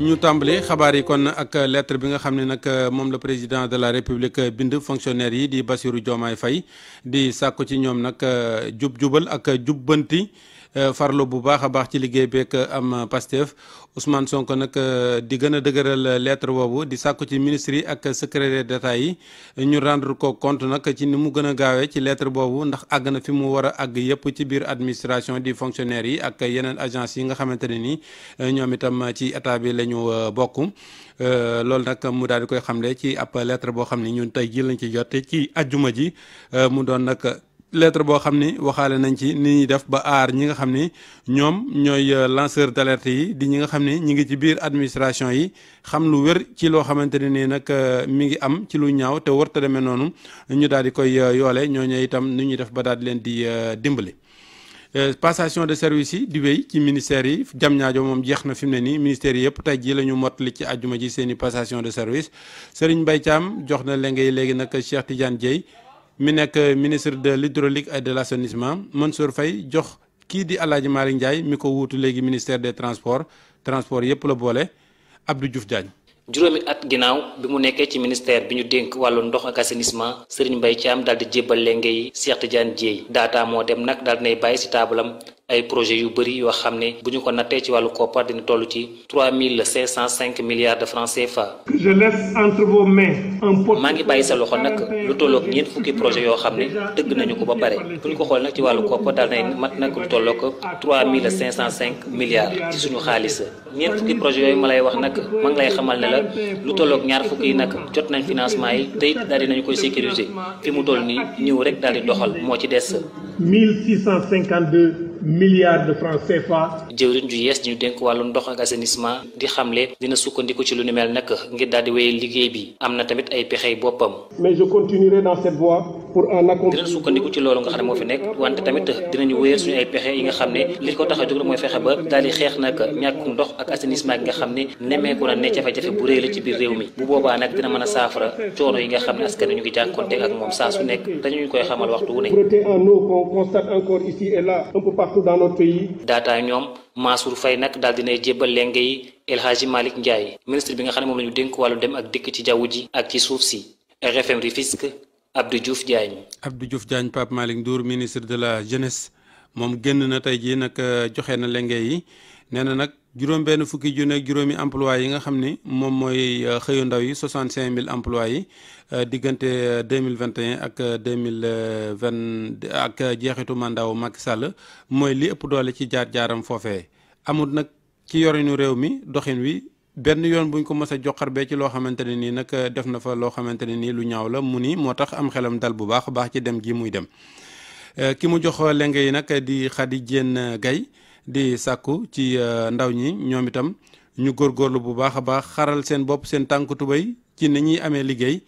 ñu tàmbali xabaar yi kon ak lettre bi nga xam ne nag euh, moom la président de la république euh, bind fonctionnaire yi di Bassirou Diomaye fay di sàkku ci ñoom nag euh, jub jubal ak jubbanti Euh, farlo bu baax a baax ci liggéey beeg euh, am euh, Pastef Ousmane Sonko nag di gën a dëgëral lettre boobu di sàkku ci ministre yi ak secrétaire d'État yi ñu rendre ko compte nag ci ni mu gën a gaawee ci leetre boobu ndax àgg na fi mu war a àgg yépp ci biir administration di fonctionnaires yi ak yeneen agence yi nga xamante ne ni ñoom itam ci état bi lañu ñu bokk loolu nag mu daal di xam ne ci ab lettre boo xam ne ñun tey ji lañ ci jot ci ajjuma ji mu doon nag lettre boo xam ni waxaale nañ ci ni ñuy def ba aar ñi nga xam ni ñoom ñooy euh, lanceur d'alerte yi di ñi nga xam ni ñi ngi ci biir administration yi xam lu wér ci loo xamante ne nii nag euh, mi ngi am ci lu ñaaw te warta demee noonu ñu daal di koy euh, yoole ñoo ñooñu itam ni ñuy def ba daal di leen di dimbali. passation de service yi di wéy ci ministères yi jam ñaajo moom jeex na fi mu ne nii ministères yi yëpp tey jii la ñu mottali ci ajuma ji seeni i passation de service Serigne Mbaye jox na la léegi nag Cheikh Tidiane Dieye. mi nekk ministre de l'hydraulique et de l'assainissement Mansour fay jox kii di El Hadj Malick mi ko wuutu léegi ministère des transport transport yépp la boole Abdou Diouf Diagne. juróomi at ginnaaw bi mu nekkee ci ministère bi ñu dénk wàllu ndox ak assainissement Serigne Mbaye Thiam daal di jébbal lenge ngay Cheikh Tidiane Dièye daataa moo dem nag daal di nay bàyyi si taabalam ay projets yu bëri yoo xam ne bu ñu ko nattee ci wàllu koppar dina toll ci trois mille cinq cent cinq milliards de francs CFA. je laisse entre maa ngi bàyyi sa loxo nag lu tolloog ñeent fukki projet yoo xam ne tëgg nañu ko ba pare bu ñu ko xool nag ci wàllu koppar daal nay mat nag lu tolloog trois mille cinq cent cinq milliards ci suñu xaalis ñeent fukki projet yooyu ma lay wax nag ma ngay xamal ne la lu tolloog ñaar fukki yi nag jot nañ financement yi te it daal dinañu koy sécuriser fi mu toll nii ñëw rek daal di doxal moo ci des. 1652 milliards de francs CFA. jëwriñ ju yees ñu dénk wàllu ndox ak assainissement di xamle dina sukkandiku ci lu ni mel nag ngir daal di wéyal liggéey bi am na tamit ay pexey boppam. mais je continuerai dans cette voie. pour un dinañ sukkandiku ci loolu nga xam ne moo fi nekk wante tamit dinañu wéyal suñu ay pexe yi nga xam ne li ko tax a jóg mooy fexe ba daal di xeex nag ñàkku ndox ak assainissement gi nga xam ne nemmeeku na ne jafe-jafe bu réy la ci biir réew mi bu boobaa nag dina mën a saafara coono yi nga xam ne askan ñu ngi jànkonte ak moom saa su nekk dañu koy xamal waxtu wu ne daataa ñoom Mansour fay nag daal dinay jébbal lenge yi El Hadji njaay Ndiaye ministre bi nga xam ne moom la ñu dénk wàllu dem ak dikk ci jaww ji ak ci suuf si RFM Rufisque Abdou Diouf Diagne. Abdou Diouf Diagne Pape Malick Ndour ministre de la jeunesse moom génn na tey jii nag euh, joxe na lenge yi nee na nag juróom benn fukki junne ak juróomi emploi yi nga xam ni moom mooy euh, xëyu ndaw yi 65000 emploi yi euh, diggante 2021 ak 2020 ak jeexitu mandaawu Macky Sall mooy li ëpp doole ci jaar jaaram foofee amul nag ci yorinu réew mi doxin wi. benn yoon buñ ko mës a joxar bee ci loo xamante ne nii nag euh, def na fa loo xamante ne nii lu ñaaw la mu ni moo tax am xelam dal bu baax baax ci dem gi muy dem euh, ki mu jox lenge yi nag di Khady Diène Gaye di sàkku ci euh, ndaw ñi ñoom itam ñu góorgóorlu bu baax a baax xaral seen bopp seen tànk tubéy ci ni ñuy amee liggéey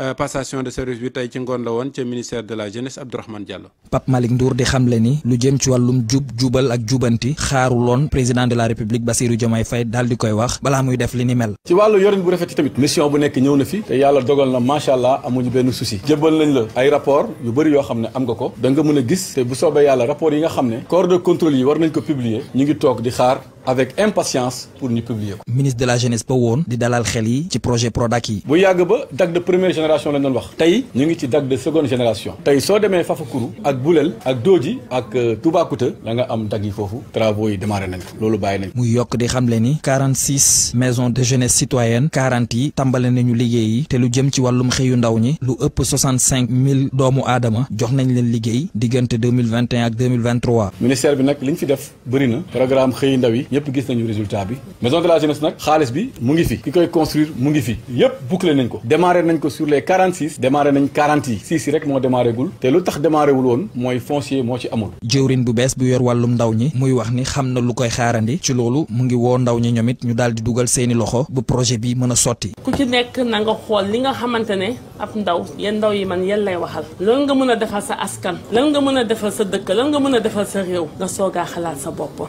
Euh, passation de service bi tey ci ngoon la woon ca ministère de la jeunesse Abdourahmane Diallo. Pape Malick Ndour di xamle ni lu jëm ci wàllum jub jubal ak jubanti xaaruloon président de la république Bassirou Diomaye Faye daal di koy wax balaa muy def li ni mel. ci wàllu yorin bu rafet tamit mission bu nekk ñëw na fi te yàlla dogal na macha allah amuñu benn souci jébbal nañ la ay rapport yu bëri yoo xam ne am nga ko da nga mën a gis te bu soobee yàlla rapport yi ne corps de war nañ ko publier ñu ngi toog di xaar avec impatience pour ñu publier ko. ministre de la jeunesse ba woon. di dalal xel yi ci projet Prodac yi. bu yàgg ba DAC de première génération lañ doon wax. tey ñu ngi ci DAC de seconde génération. tey soo demee Fafakuru ak Boulel ak Dodji ak euh, Toubacouta la nga am DAC yi foofu travaux yi démarré nañ ko loolu bàyyi nañ. muy yokk di xamle ni. 46 maisons de jeunesse citoyenne 40 yi tàmbale nañu liggéey yi te lu jëm ci wàllum xëyu ndaw ñi lu ëpp 65 000 doomu aadama jox nañ leen liggéey diggante 2021 ak 2023. ministère bi nag li ñu fi def bëri na programme xëyu ndaw yi ñëpp gis nañu résultat bi maison de la jeunesse nag xaalis bi mu ngi fi ki koy construire mu ngi fi yëpp boucler nañ ko démarré nañ ko sur les 46 démarré nañ 40 yi six yi rek moo démarré te lu tax démarré wul woon mooy foncier moo ci amul jëwrin bu bees bu yor wàllum ndaw ñi muy wax ni xam na lu koy xaarandi ci loolu mu ngi woo ndaw ñi ñoom it ñu daal di dugal seeni loxo bu projet bi mën a sotti ku ci nekk na nga xool li nga xamante ne ab ndaw yéen ndaw yi man yéen lay waxal lan nga mën a defal sa askan lan nga mën a defal sa dëkk lan nga mën a defal sa réew nga soogaa xalaat sa bopp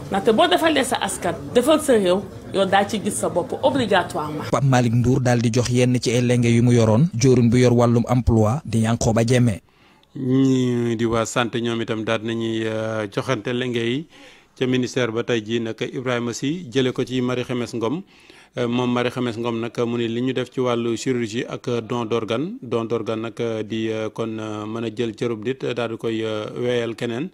kat defal sa réew yow daa ci gis sa bopp obligatoirement. Pape Malick Ndour daal di jox yenn ci ay lenge yu mu yoroon joorin bu yor wàllum emploi di Yankhoba Diémé. ñii di waa santé ñoom itam daal nañuy euh, joxante lenge yi ca ministère ba tey jii nag Ibrahima Sy jëlee ko ci Marie xemes ngoom euh, moom Marie Khemesse ngoom nag mu ne li ñu def ci wàllu chirurgie ak don dorgan don d'organe nag di euh, kon mën a jël cërub nit daal di koy weyal keneen.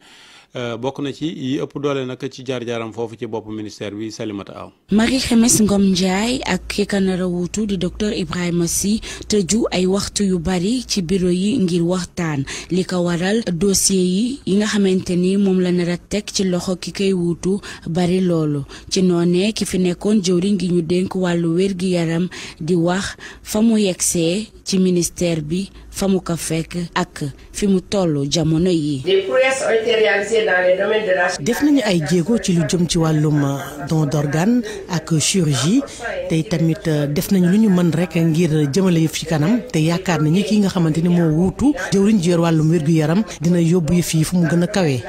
Euh, bokk na ci yi ëpp doole nag ci jaar-jaaram foofu ci bopp ministère bi Salimata Aw Marie Xemes Ngom Ndiaye ak ki ka nar a wuutu di docteur Ibrahima Sy tëju ay waxtu yu bari ci bureau yi ngir waxtaan li ko waral dossier yi nga xamante ni moom la nar teg ci loxo ki koy wuutu bari loolu ci noonee ki fi nekkoon jëwriñ gi ñu dénk wàllu wér-gi-yaram di wax fa mu yegsee ci ministère bi fa mu ko fekk ak fi mu tollu jamono yi. def nañu ay jéego ci lu jëm ci wàllum euh, don d'organe ak chirurgie tey tamit euh, def nañu lu ñu mën rek ngir jëmale yëf ci kanam te yaakaar nañu ki nga xamante ni moo wuutu jëwriñ ji yor wàllum wér yaram dina yóbbu fii fu mu gën a kawee.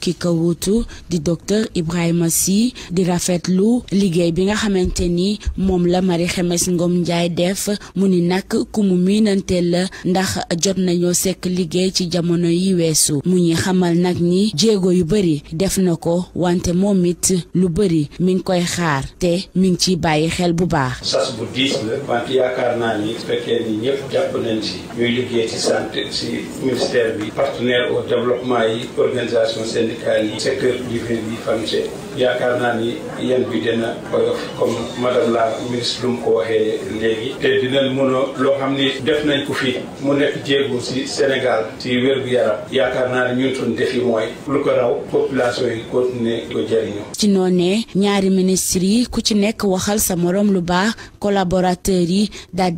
ki ko wuutu di docteur Ibrahima si di rafetlu liggéey bi nga xamante ni moom la Marie Khemesse Ngom Ndiaye def mu ni nag. ku mu miinanteel la ndax jot nañoo sekk liggéey ci jamono yi weesu mu ñi xamal nag ni jéego yu bari def na ko wante moom it lu bari mi ngi koy xaar te mi ngi ciy bàyyi xel bu baax. sas bu diis la wante yaakaar naa ni fekkee ni ñëpp jàpp si ñuy liggéey ci santé si ministère bi partenaire au développement yi organisation syndicale yi secteur privé bi famille yaakaar naa ni yan bi dina oyof comme madame la ministre lu ko waxee léegi. te dinañ mën loo xam ni def nañ ko fi mu nekk jéego si Sénégal si wér-gu-yaram yaakaar naa ne ñun suñu defi mooy lu ko raw population yi continuer ko jëriñoo. ci noonee ñaari ministres yi ku ci nekk waxal sa moroom lu baax collaborateurs yi daal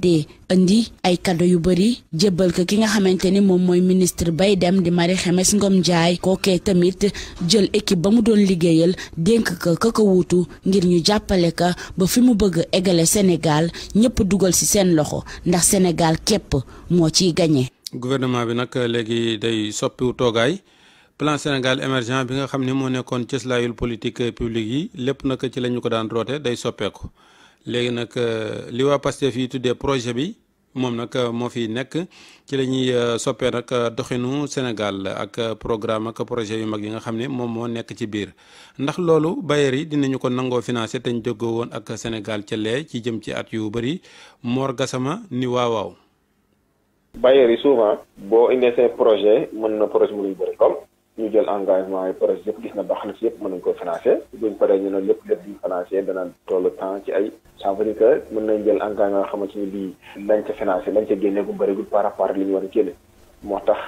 indi ay cadeau yu bëri jébbal ko ki nga xamante ni moom mooy ministre bay dem di Marie Khemesse Ngom jaay kookee tamit jël équipe ba mu doon liggéeyal dénk ko ka ko wuutu ngir ñu jàppale ka ba fi mu bëgg eggale Sénégal ñëpp dugal ci seen loxo ndax Sénégal képp moo ciy gañe gouvernement bi nag léegi day soppiwu toogaay plan Sénégal émergent bi nga xam ne moo nekkoon cëslaayul politique publique yi lépp nag ci la ñu ko daan roote day soppeeku léegi nag euh, li waa Pastef yi tuddee projet bi moom nag euh, moo fi nekk ci la ñuy euh, soppee nag doxinu Sénégal ak programme ak projet yu mag yi nga xam ne moom moo nekk ci biir ndax loolu bailleurs yi dinañu ko nangoo financé te ñu déggoo woon ak Sénégal ca lee ci jëm ci at yu bëri Mor Gassama ni waaw waaw. yi souvent boo indee projet mën na projet mu ngi bëri comme ñu jël engagement yi projet yëpp gis na ba xaalis yëpp mën nañ ko financé buñ paree ñu ne lépp lépp duñ financé dana toll temps ci ay ça veut dire que mën nañ jël engagement xamante ni bii lañ ca financé lañ ca génnee gu bëri par rapport li ñu war a génne moo tax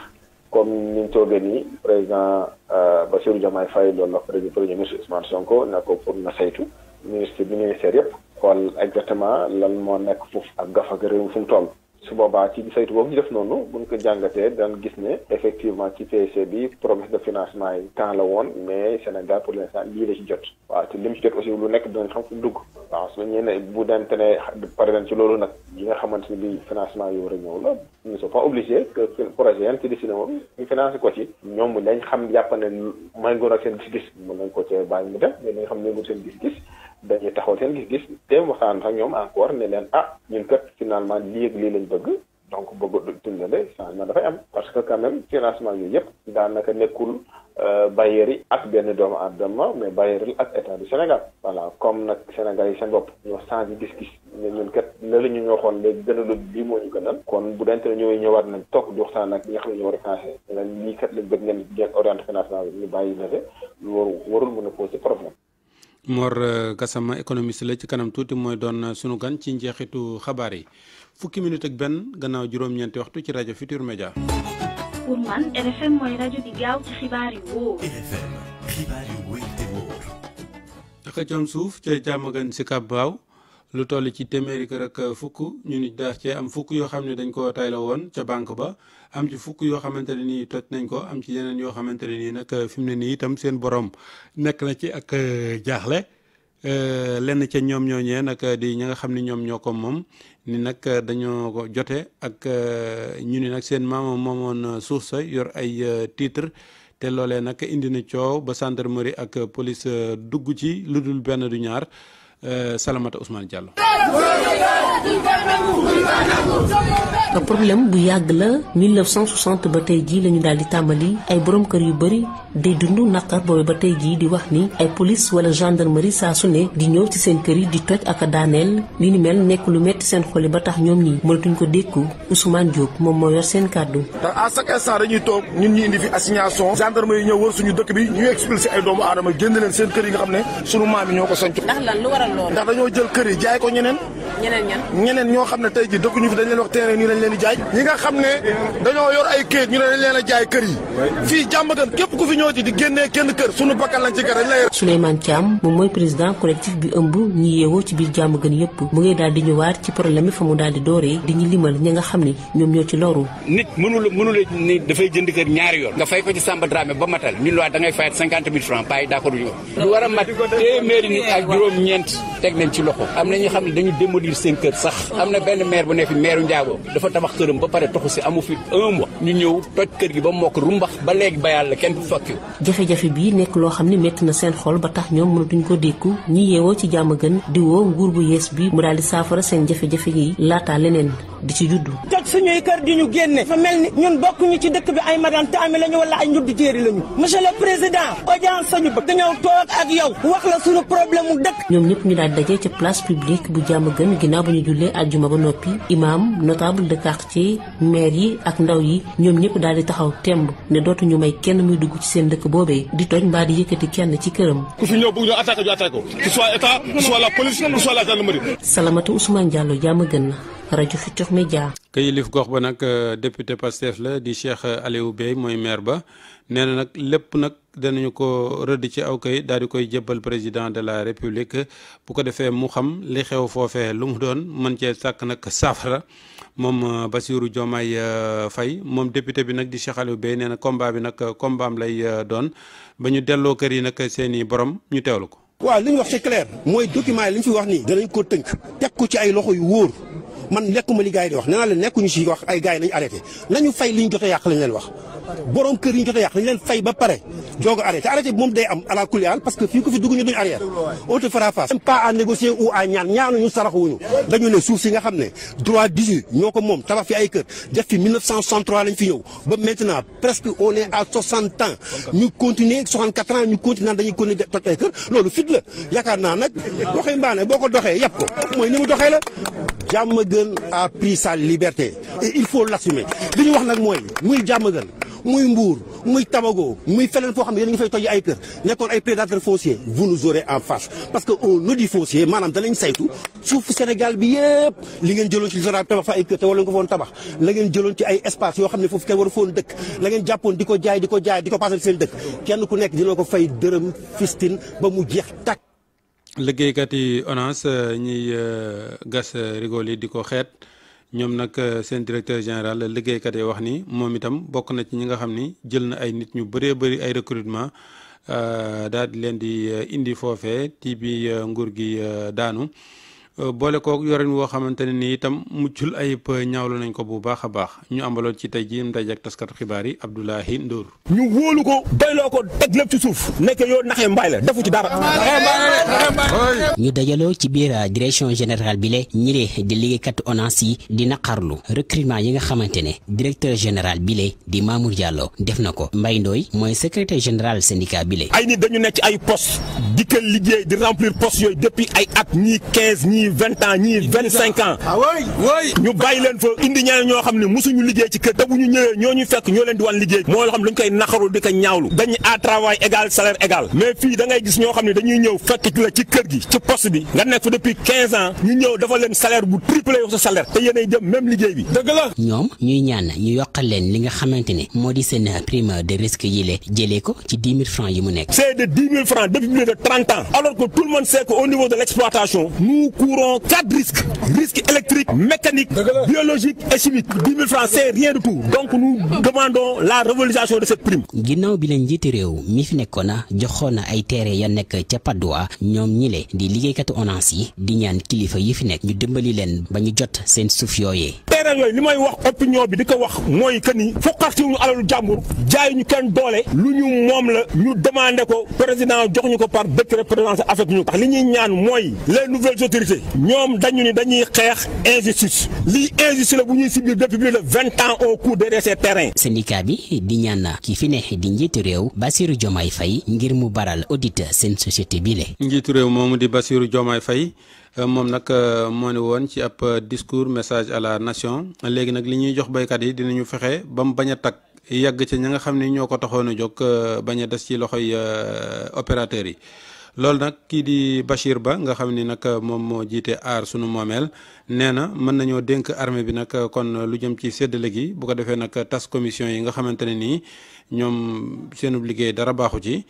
comme ni ñu toogee nii président euh, Bassirou Diomaye Faye loolu la premier ministre Ousmane Sonko ne ko pour na saytu ministre bi ministère yëpp xool exactement lan moo nekk foofu ak gafa réew mi fu mu toll su boobaa ci saytu boobu ñu def noonu buñ ko jàngatee daan gis ne effectivement ci PSE bi promesse de financement yi temps la woon mais Sénégal pour l'instant lii la ci jot waa te li mu ci jot aussi lu nekk dinañ xam fu dugg waaw su ñu ne bu demte ne pare nañ ci loolu nag yi nga xamante ne bi financement yi war a ñëw la ñu sont pas obligés que projet yan ci dessiné woon ñu financé ko ci ñoom lañ xam jàpp ne may ngoon ak seen gis-gis mën nañ ko cee bàyyi dem mais seen gis-gis dañuy taxaw seen gis-gis dem waxtaan ak ñoom encore ne leen ah ñun kat finalement lii ak lii lañ bëgg donc bëgg dundale changement dafay am parce que quand même financement yooyu yëpp daanaka nekkul euh, bailleurs yi ak benn doomu aadama mais bailleurs yi ak état du Sénégal voilà comme nag Sénégal yi seen bopp ñoo yi gis-gis ne ñun kat la la ñu ñoo xool léegi gënalu lii moo gënal kon bu dente ne ñooy ñëwaat nañ toog di waxtaan ak ñax nga xam ne ñoo a financé leen lii kat lañ bëgg ngeen ngeen orienté bàyyi leve lu waru warul mën a Mor euh, Gassama économiste la ci kanam tuuti mooy doon sunu gan ci njeexitu xabaar yi fukki minute ak benn gannaaw juróom-ñeenti waxtu ci rajo Futur Media. pour man RFM mooy rajo di gaaw ci xibaar yu wóor. RFM xibaar yu wóor te wóor. xëccoon suuf ca jàmm gan si kàbbaaw. lu toll ci téeméeri kër ak fukk ñu ni daax cee am fukk yoo xam ne dañ ko tayla woon ca banque ba am ci fukk yoo xamante ne nii toj nañ ko am ci yeneen yoo xamante ne nii nag fi mu ne nii itam seen borom nekk na ci ak jaaxle lenn ca ñoom ñoo ñooñee nag di ña nga xam ni ñoom ñoo ko moom ni nag dañoo ko jote ak ñu ni nag seen maama moomoon suuf sa yor ay titre te loole nag indi na coow ba centre gendarmerie ak police dugg ci lu dul benn du ñaar Euh, Salamata Ousmane Diallo. problème bu yàgg la 1960 ba tey jii la ñu daal di tàmbali ay borom kër yu bari day dund naqar boobu ba tey jii di wax ni ay police wala gendarmerie saa su ne di ñëw ci seen kër yi di toj ak a daaneel li ni mel nekk lu metti seen xol yi ba tax ñoom ñi mënatuñ ko dékku Ousmane Diop moom moo yor seen kàddu. ndax à chaque dañuy toog ñun ñi indi fi assignation gendarmerie ñëw wër suñu dëkk bi ñu expulsé ay doomu aadama jënd leen seen kër yi nga xam ne sunu maam ñoo ko sanc. ndax loolu ndax dañoo jël kër yi jaay ko ñeneen ñeneen ñan ñeneen ñoo xam ne tey ji dëkkuñu fi dañ leen wax terrain di jaay ñu ne dañ leen a jaay kër yi fii jàmm gën képp ku fi ñëw ci di génnee kenn kër suñu bakkan lañ ci bi ëmb ñi yeewoo ci biir jàmm gën yëpp mu ngi daal di ñëwaat ñi nga xam ne ñoom ñoo ci loru nit mënul mënul ni dafay jënd kër ñaari yoon nga fay ko ci Samba da ngay fayat a mat téeméeri nit ak juróom ñeent teg nañ ci loxo am na ñu xam ne dañu démolir seen kër sax am na benn maire bu nekk fi maire Ndiago dafa tabax këram ba pare toxu si amu fi un mois ñu ñëw toj kër gi ba mokk rumbax ba léegi ba yàlla kenn du fakkiw jafe-jafe bii nekk loo xam ne métti na seen xol ba tax ñoom mënatuñu ko dékku ñi yeewoo ci jàmm gën di woo nguur bu yees bi mu daal di saafara seen jafe-jafe yi laataa leneen di ci juddu. toj suñuy kër di ñu génne. fa mel ni ñun bokkuñu ci dëkk bi ay madame taami lañu wala ay njudd jéeri lañu. monsieur le président audience sañu bëgg. dañoo toog ak yow wax la suñu problème dëkk. ñoom ñëpp ñu daal daje ca place publique bu jàmm gën ginnaaw ba ñu jullee àjjuma ba noppi imam notable de ci maire yi ak ndaw yi ñoom ñëpp daal di taxaw temb ne dootuñu may kenn muy dugg ci seen dëkk boobee di toj mbaa di yëkkati kenn ci këram. ku fi ñëw bëgg ñu attaqué ñu attaqué ko que soit état la rajo Futurs Médias. kayilif gox ba nag euh, député Pastef la di Cheikh Aliou Bey mooy maire ba nee na nag lépp nag danañu ko rëdd ci aw kay daal di koy jébbal président de la république bu ko defee mu xam li xew foofee lu mu doon mën cee sàkk nag saafara moom euh, Bassirou Diomaye euh, fay moom député bi nag di Cheikh Aliou Bey nee na combat bi nag combaam lay doon ba ñu delloo kër yi nag seen i borom ñu teewlu ko. waaw li ñu wax c'est clair mooy document yi li ñu fi wax nii. danañ ko tënk teg ko ci ay loxo yu wóor. man lekkuma li gars di wax nee naa leen nekkuñu si wax ay gars nañu arrêté nañu fay li ñu jot a yàq leen wax borom kër ñu jot a yàq fay ba pare joog a arrêté moom day am à la kulli fii ko fi dugg ñu duñ arrière on te fera face même pas à négocier ou à ñaan ñaanuñu saraxuñu dañu ne suuf si nga xam ne droit 18 ñoo ko moom tabax fi ay kër def fi 1963 lañ fi ñëw ba maintenant presque on est à 60 ans ñu Diamaguène a pris il faut l'assumer li wax nag mooy muy Diamaguène muy Mbour muy Tobago muy feneen foo xam ne yéen ngi fay toj ay kër nekkoon ay prédateurs fonciers vous nous maanaam danañ saytu suufu Sénégal bi yëpp li ngeen jëloon ci littoral tabax fa ay kër te wala nga ko foon tabax la ngeen jëloon ci ay espace yoo xam ne foofu kenn war foon dëkk la ngeen jàppoon di ko jaay di ko jaay di ko passé seen dëkk kenn ku nekk dina ko fay dërëm fistin ba mu jeex tàkk liggéeykat yi ONAS euh, ñiy euh, gas euh, rigole yi di ko xeet ñoom nag seen directeur général liggéeykat yi wax ni moom itam bokk na ci ñi nga xam ni jël na ay nit ñu bëree bëri ay recrutement daal di leen di indi foofee ci bi nguur gi daanu Euh, boole kook yorin woo xamante ne ni itam muccul ayib euh, ñaawlu nañ ko bu baax a baax ñu ambaloon ci tey jii ndaje ak taskatu xibaar yi Abdoulaye Ndour ñu wóolu ko doyloo ko teg lépp ci suuf nekk yoo naxee mbaay la defu ci dara ñu dajaloo ci biir euh, direction général bi le ñi lee di liggéeykatu ONAS yi di naqarlu recrutement yi nga xamante ne directeur général bi le di Mamour Diallo def na ko Mbaye Ndoye mooy secrétaire général syndicat bi le ay nit dañu nekk Ah ñu da ngay gis ñoo xam ñëw dafa leen salaire bu triplé yow sa salaire te yéenay dem même liggéey bi dëgg la ñoom ñuy ñaan ñu yokkal leen li nga xamante ne moo di seen prime de risque yi le jëlee ko ci mille francs yi mu nekk c'est de mille francs depuis de trente ans alors que tout le monde niveau de l'exploitation nous courons quatre risques risque électrique mécanique donc nous la revalorisation de ginnaaw bi leen njiiti réew mi fi nekkoon na joxoon na ay terre ya nekk ca Padoa ñoom ñile di liggéeykatu ONAS yi di ñaan kilifa yi fi nekk ñu dimbali leen ba ñu jot seen suuf yooyee. leeral yooyu li may wax ñoo bi di ko wax mooy que ni foqartiwuñu alalu jàmbur jaay ñu kenn doole lu ñu moom la ñu demande ko président jox ñu ko par décret présidence affect ñu tax li ñuy ñaan mooy les nouvelles autorités ñoom dañu ni dañuy xeex injustice li injustice la bu ñuy subir de plus de vingt ans au cours de ces terrains. syndicat bi di ñaan ki fi ne di njiitu réew Bassirou Diomaye Faye ngir mu baral audit seen société bile. njiitu réew moomu di Bassirou Diomaye Faye. Euh, moom nag euh, moo ne woon ci ab euh, discours message à la nation léegi nag li ñuy jox baykat yi dinañu fexe ba mu bañ a takk yàgg ci ña nga xam ni ñoo ko taxoon a jóg bañ a des ci loxoy opérateurs yi. loolu nag kii di Bachir Ba nga xam ni nag moom moo jiite aar sunu moomeel nee na mën nañoo dénk armée bi nag kon lu jëm ci séddale gi bu ko defee nag tas commission yi nga xamante ne nii ñoom seenub liggéey dara baaxu ci.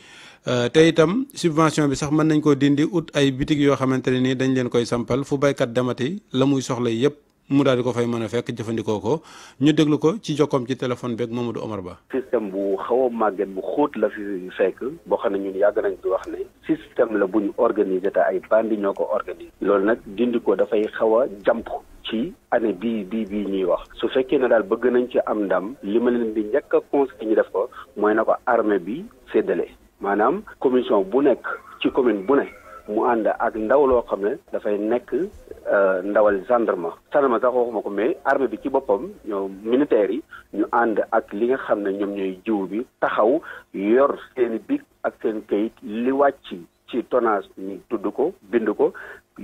Euh, te itam subvention bi sax mën nañ koo dindi ut ay bitig yoo xamante ne nii dañ leen koy sampal fu baykat demati la muy soxla yëpp mu daal di ko fay mën a fekk jëfandikoo ko ñu déglu ko ci jokkoom ci téléphone beeg Mamadou Omar Ba. système bu xaw a màgget bu xóot la fi fekk boo xam ne ñun yàgg nañ di wax ne système la bu ñu organisé te ay bandi ñoo ko organisé. loolu nag dindi ko dafay xaw a jàmp ci année bii bii bii ñuy wax su fekkee ne daal bëgg nañ ci am ndam li ma leen di njëkk a conseil def ko mooy na ko armée bi séddale. maanaam commission bu nekk ci commune bu ne mu ànd ak ndaw loo xam ne dafay nekk euh, ndawal gendarme gendarme sax waxuma ko mais armée bi ci boppam ñoom militaires yi ñu ànd ak li nga xam ne ñoom ñooy jiw bi taxaw yor seen bic ak seen kayit li wàcc ci tonnage ñu tudd ko bind ko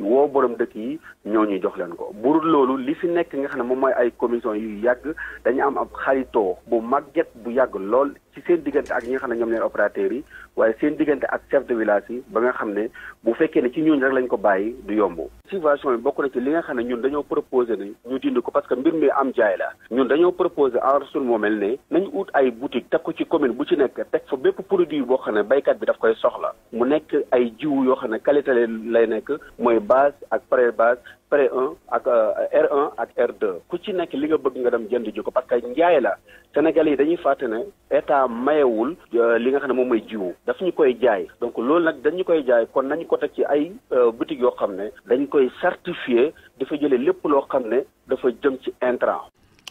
woo borom dëkk yi ñoo ñuy jox leen ko burut loolu li fi nekk nga xam ne moom mooy ay commission yu yàgg dañu am ab xaritoo bu màgget bu yàgg lool seen diggante ak ñi nga xam ne ñoom ñooy opérateurs yi waaye seen diggante ak chef de village yi ba nga xam ne bu fekkee ne ci ñun rek lañ ko bàyyi du yomb subvention yi bokk na ci li nga xam ne ñun dañoo proposé ne ñu dindi ko parce que mbir mi am jaay la ñun dañoo proposé en rasul moo mel ne nañu ut ay boutique teg ko ci commune bu ci nekk teg fa bépp produit boo xam ne baykat bi daf koy soxla mu nekk ay jiw yoo xam ne qualité lay nekk mooy base ak pré base pré 1 ak euh, ak r ku ci nekk li nga bëgg nga dem jënd ji ko parce que njaay la sénégal yi dañuy fàtte ne état mayewul euh, li nga xam ne moom mooy jiwu daf ñu koy jaay donc loolu nag dañu koy jaay kon nañu ko teg ci ay euh, boutique yoo xam ne dañ koy certifié dafa jëlee lépp loo xam ne dafa jëm ci intrant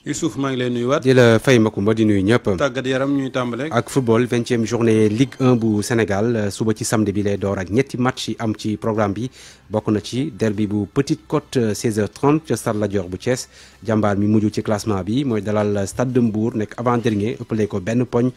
Youssouf maa ngi lay nuyuwaat. di la fay Macoumba di nuyu ñëpp. tàggat yaram ñuy tàmbale. ak football vingtième journée Ligue 1 bu Sénégal euh, suba ci samedi bi lay door ak ñetti match yi am ci programme bi bokk na ci derby bu Petite Côte 16h30 euh, ca Stade Lat Dior bu Thiès jambaar mi mujj ci classement bi mooy dalal Stade de nekk avant dernier ëppale ko benn poñ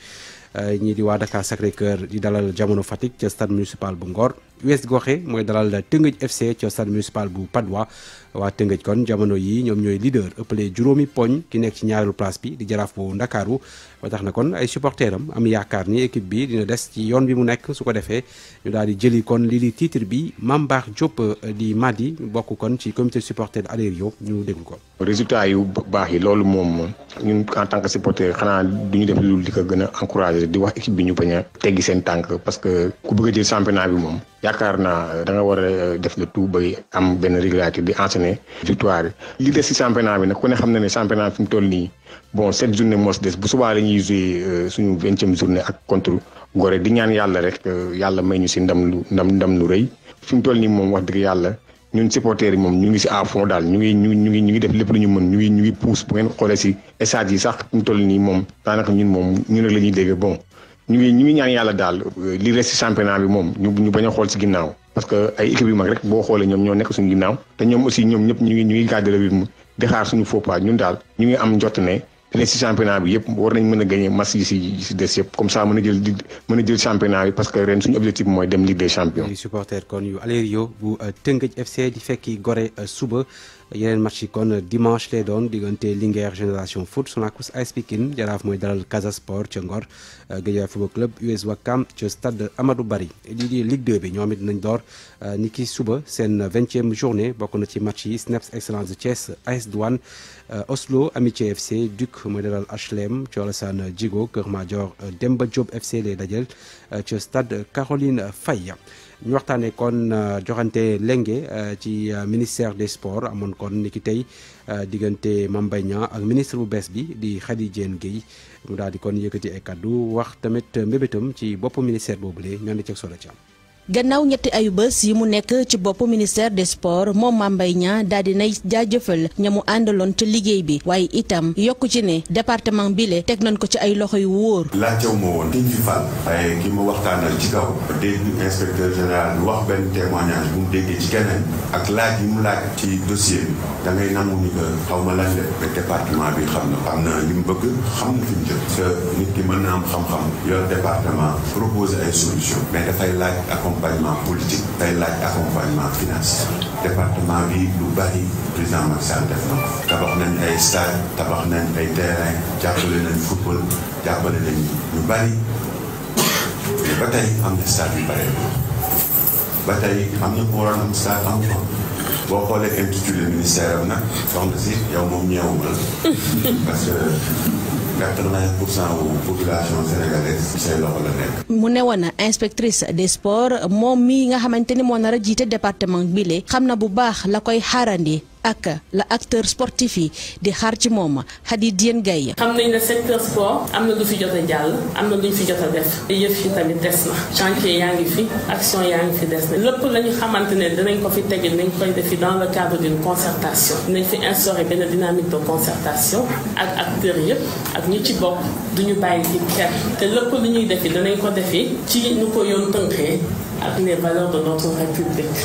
euh, ñii di waa Dakar Sacré Cœur di dalal jamono Fatick ca stade municipal bu Ngor. US Goxé mooy dalal Tëngëj FC cosaan municipal bu Padois waa Tëngëj kon jamono yi ñoom ñooy leader ëppale juróomi poñ ki nekk ci ñaareelu place bi di jaraaf bu Ndakaaru ba tax na kon ay supporters am am yaakaar ni équipe bi dina des ci yoon bi mu nekk su ko defee ñu daal di jëli kon lii di bi mam Mambaax Diop euh, di Madi bokk kon ci comité supporter Alerio ñu déglu ko. résultat yu baax yi loolu moom ñu en tant que supporter xanaa du ñu def lu di ko gën a di wax bi ñu bañ a teggi seen tànk parce que ku bëgg a jël bi moom. yaakaar na danga nga war a euh, def le tout bay am benn régularité di enchaîner victoire yi li des si championnat bi nag ku ne xam ne ne championnat fi mu toll nii bon set journée moo des bu subaa la ñuy joué euh, suñu vingtième journée ak contre Gorée di ñaan yàlla rek euh, yàlla may ñu si ndam lu ndam ndam lu rëy fi mu toll nii moom wax dëgg yàlla ñun supporters yi moom ñu ngi si à fond daal ñu ngi ñu ñu ngi ñu ngi def lépp ñu mën ñu ngi ñu ngi pousse bu ngeen xoolee si stade yi sax fi toll nii moom daanaka ñun moom ñun rek la ñuy dégg bon ñu ngi ñu ngi ñaan yàlla daal euh, li reste si championnat bi moom ñu ñu bañ xool si ginnaaw parce que ay équipe yu mag rek boo xoolee ñoom ñoo nekk suñu ginnaaw te ñoom aussi ñoom ñëpp ñu ngi ñu ngi garder le rythme di xaar suñu faux ñun daal ñu ngi am njott ne te ne si championnat bi yëpp war nañ mën a gagné match yi si yi si des yëpp comme ça mën jël championnat bi parce que ren suñu objectif mooy dem Ligue des champions. di supporter kon yu Alerio bu euh, Tëngëj FC di fekki Gorée euh, suba yeneen match kon euh, dimanche lay doon diggante Linguère Génération Foot Sonacos AS Pikine Jaraaf mooy dalal Casa Sport ca Ngor Guédiawaye Football Club US Ouakam ca stade Amadou Barry Ligue 2 bi ñoom it nañ door ni ki suba seen vingtième journée bokk na ci match yi Snaps Euh, Oslo Amitié FC Duc mooy dalal HLM Thiorassane Djigo Kër Madior euh, Demba Diop FC lay dajal euh, ci stade Caroline Faye ñu waxtaanee kon joxante lenge ci ministère des sports amoon kon niki ki tey diggante Mame ak ministre bu bees bi di Khady Diène Gaye mu daal di kon yëkkati ay kaddu wax tamit mbébétam ci boppu ministère boobule ñoo ne ceeg solo ci am gannaaw ñetti ayu bés yi mu nekk ci bopp ministère des sports moom Mame Mbaye Niang daal di nay jaajëfal ña mu àndaloon ci liggéey bi waaye itam yokku ci ne département bile teg nañ ko ci ay loxo yu wóor. laajaw ma woon kiñ fi fal waaye ki ma waxtaanal ci kaw dégg inspecteur général bi wax benn témoignage bu mu déggee ci keneen ak laaj yi mu laaj ci dossier bi da nangu ni que xaw ma lan la département bi xam na am na li mu bëgg xam na fi mu jëm. accompagnement politique day laaj accompagnement financier département bi lu bari président Macky Sall na tabax nañ ay stade tabax nañ ay terrain jàppale nañ football jàppale nañ ñu bari mais ba tey am na stade yu bari ba am na ku waroon am am ko boo xoolee intitulé ministère am nag soxna si yow moom ñeewuma parce que quatre mu ne woon na inspectrice des sports moom mii nga xamante ni moo nar a jiite département bile xam na bu baax la koy xaarandi ak la acteur sportif yi di xaar ci moom Hady Diène Gaye. xam nañ ne secteur sport am na lu fi jot a jàll am na lu ñu fi jot a def yëf yi tamit des na chantier yaa ngi fi action yaa ngi fi des na lépp la ñu xamante ne dinañ ko fi teg nañ koy defi dans le cadre d'une concertation nañ fi instauré benn dynamique de concertation ak acteurs yëpp ak ñu ci bokk duñu bàyyi ci kenn te lépp lu def defi danañ ko defi ci ñu ko yoon tënkee ak les valeurs de notre république.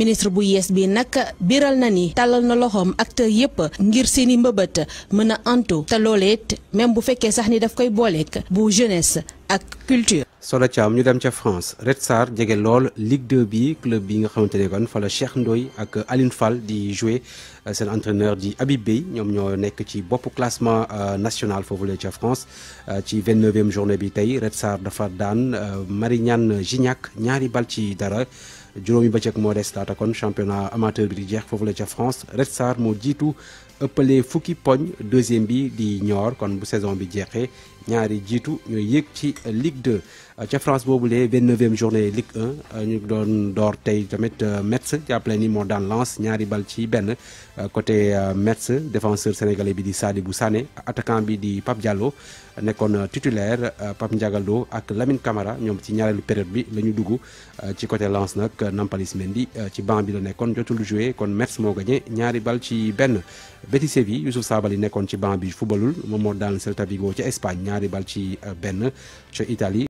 ministre bu yees bi nag biral na ni tàllal na loxoom acteur yépp ngir seeni mbëbët mën a antu te looleet même bu fekkee sax ni daf koy booleek bu jeunesse ak culture. Soda Thiam ñu dem ca France Red sar jege lool Ligue 2 bi club bi nga xamante ne kon fa la Cheikh Ndoy ak Aline Fall di jouer euh, seen entraîneur di Habib Bey ñoom ñoo nekk ci bopp classement euh, national foofule ca France euh, ci 29e journée bi tey Red Star dafa daan Marignane Gignac ñaari bal ci dara. juróomi bëccëg moo des laata kon championnat amateur bi di jeex foofu la ca France Red Star moo jiitu ëppale fukki poñ deuxième bi di Niort kon bu saison bi jeexee ñaari jiitu ñooy yéeg ci Ligue 2 ca France boobule benn neuvième journée Ligue 1 ñu doon door tey tamit euh, Metz jàppale ni moo daan lance ñaari bal ci benn euh, côté euh, Metz défenseur sénégalais bi di saadi bu Sané attaquant bi di pap Diallo nekkoon titulaire pap Ndiagallo ak Lamine Camara ñoom ci ñaareelu période bi la ñu dugg ci côté lance nag Nampalys Mendy ci banc bi la nekkoon jotul joué kon Metz moo gagné ñaari bal ci benn. Betis Séville Youssouf Sabaly nekkoon ci banc bi fubalul moom moo daan Celta Vigo ca Espagne ñaari bal ci euh, benn ca Italie